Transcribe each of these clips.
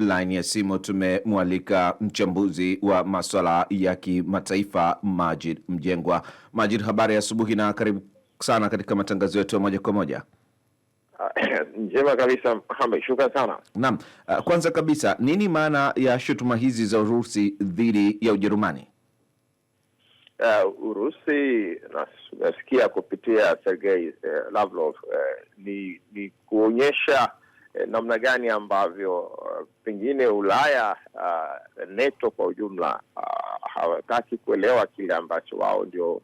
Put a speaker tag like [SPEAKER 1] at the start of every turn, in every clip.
[SPEAKER 1] laini ya simu tumemwalika mchambuzi wa maswala ya kimataifa Majid Mjengwa. Majid, habari ya asubuhi na karibu sana katika matangazo yetu ya moja kwa moja.
[SPEAKER 2] Njema kabisa Mohamed, shukran sana.
[SPEAKER 1] Naam, ah, kwanza kabisa, nini maana ya shutuma hizi za Urusi dhidi ya Ujerumani?
[SPEAKER 2] Uh, Urusi nasikia kupitia Sergei uh, Lavrov uh, ni, ni kuonyesha uh, namna gani ambavyo pengine Ulaya uh, ah, NATO kwa ujumla uh, hawataki kuelewa kile ambacho wao ndio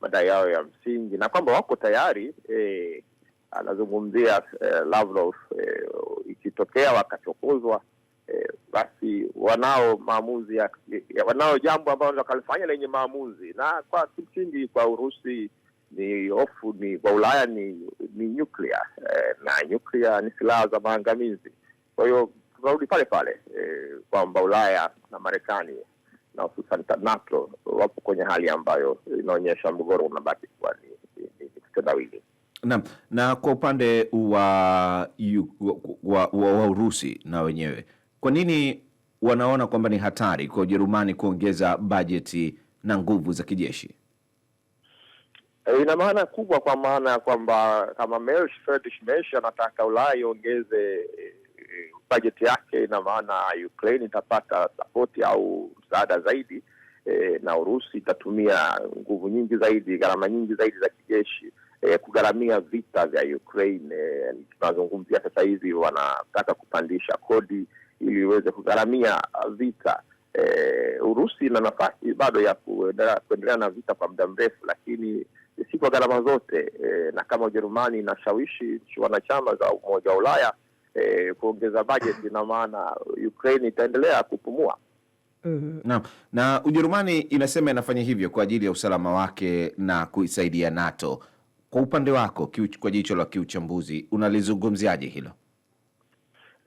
[SPEAKER 2] madai yao ya msingi na kwamba wako tayari eh, anazungumzia eh, Lavrov eh, ikitokea wakachokozwa eh, basi wanao maamuzi ya, ya, wanao jambo ambalo wakalifanya lenye maamuzi, na kwa kimsingi kwa Urusi ni hofu ni kwa Ulaya ni ni nyuklia eh, na nyuklia ni silaha za maangamizi. Kwa hiyo tunarudi pale pale e, kwamba Ulaya na Marekani na hususan NATO wapo kwenye hali ambayo inaonyesha mgogoro unabaki kuwa ni, ni, ni kitendawili.
[SPEAKER 1] na, na kwa upande wa, wa, wa, wa Urusi na wenyewe, kwa nini wanaona kwamba ni hatari kwa Ujerumani kuongeza bajeti na nguvu za kijeshi?
[SPEAKER 2] E, ina maana kubwa, kwa maana ya kwamba kama Merz anataka Ulaya iongeze e, bajeti yake, ina maana Ukraine itapata sapoti au msaada zaidi e, na Urusi itatumia nguvu nyingi zaidi, gharama nyingi zaidi za kijeshi e, kugharamia vita vya Ukraine. E, tunazungumzia sasa hivi wanataka kupandisha kodi ili iweze kugharamia vita. E, Urusi ina nafasi bado ya kuendelea na vita kwa muda mrefu, lakini si kwa gharama zote e, na kama Ujerumani inashawishi nchi wanachama za Umoja wa Ulaya eh, kuongeza bajeti, ina maana Ukraine itaendelea kupumua.
[SPEAKER 1] Mm -hmm. Na, na Ujerumani inasema inafanya hivyo kwa ajili ya usalama wake na kuisaidia NATO. Kwa upande wako kiuch, kwa jicho la kiuchambuzi unalizungumziaje hilo?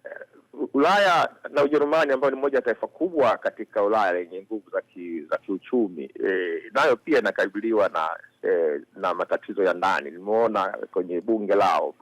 [SPEAKER 2] Eh, Ulaya na Ujerumani ambayo ni moja ya taifa kubwa katika Ulaya lenye nguvu za ki, za kiuchumi e, nayo pia inakabiliwa na e, na matatizo ya ndani. Nimeona kwenye bunge lao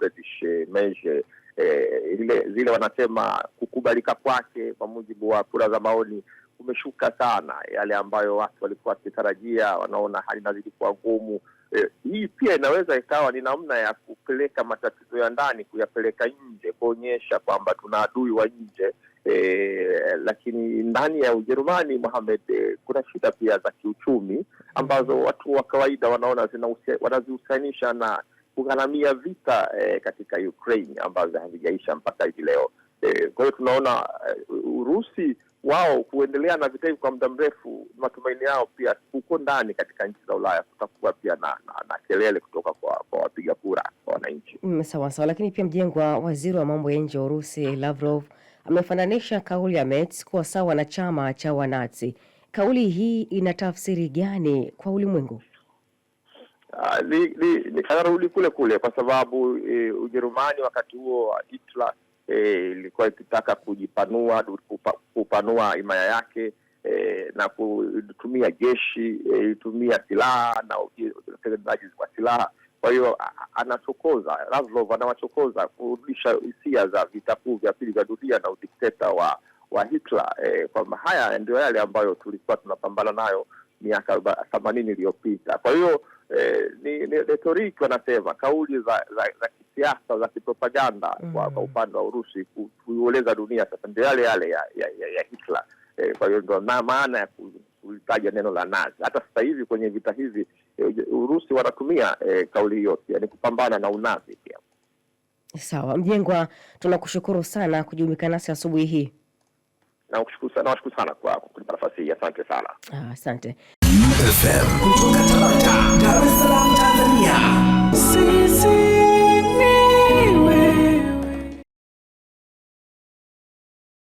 [SPEAKER 2] eh, zile, zile wanasema kukubalika kwake kwa mujibu wa kura za maoni umeshuka sana, yale ambayo watu walikuwa wakitarajia, wanaona hali inazidi kuwa ngumu. Eh, hii pia inaweza ikawa ni namna ya kupeleka matatizo ya ndani kuyapeleka nje, kuonyesha kwamba tuna adui wa nje. Eh, lakini ndani ya Ujerumani Mohamed, eh, kuna shida pia za kiuchumi ambazo watu wa kawaida wanaona wanazihusianisha na kugharamia vita e, katika Ukraine ambazo hazijaisha mpaka hivi leo e, kwa hiyo tunaona uh, Urusi wao kuendelea na vita hivi kwa muda mrefu, matumaini yao pia huko ndani katika nchi za Ulaya kutakuwa pia na, na, na kelele kutoka kwa, kwa wapiga kura kwa wananchi
[SPEAKER 3] mm, sawa sawa. Lakini pia Mjengwa, waziri wa mambo ya nje wa Urusi Lavrov amefananisha kauli ya Merz kuwa sawa na chama cha Wanazi. Kauli hii ina tafsiri gani kwa ulimwengu?
[SPEAKER 2] uh, ah, li, li, anarudi kule kule kwa sababu e, Ujerumani wakati huo Hitler eh, ilikuwa e, ikitaka kujipanua kupa, kupanua himaya yake e, na kutumia jeshi e, itumia silaha na utengenezaji wa silaha. Kwa hiyo anachokoza Lazlov, anawachokoza kurudisha hisia za vita kuu vya pili vya dunia na udikteta wa wa Hitler e, kwamba haya ndio yale ambayo tulikuwa tunapambana nayo miaka themanini iliyopita. Kwa hiyo eh, ni, ni retoriki wanasema kauli za, za, za kisiasa za kipropaganda mm. kwa, kwa mm. upande wa Urusi kuioleza dunia sasa ndio yale yale ya, ya, ya, ya Hitler eh, kwa hiyo ndo maana ya kulitaja neno la Nazi. Hata sasa hivi kwenye vita hivi eh, Urusi wanatumia eh, kauli hiyo pia ni kupambana na unazi pia.
[SPEAKER 3] Sawa Mjengwa, tunakushukuru sana kujumika nasi asubuhi hii.
[SPEAKER 2] nakushukuru sana, sana kwa kunipa nafasi hii, asante sana.
[SPEAKER 3] Ah, asante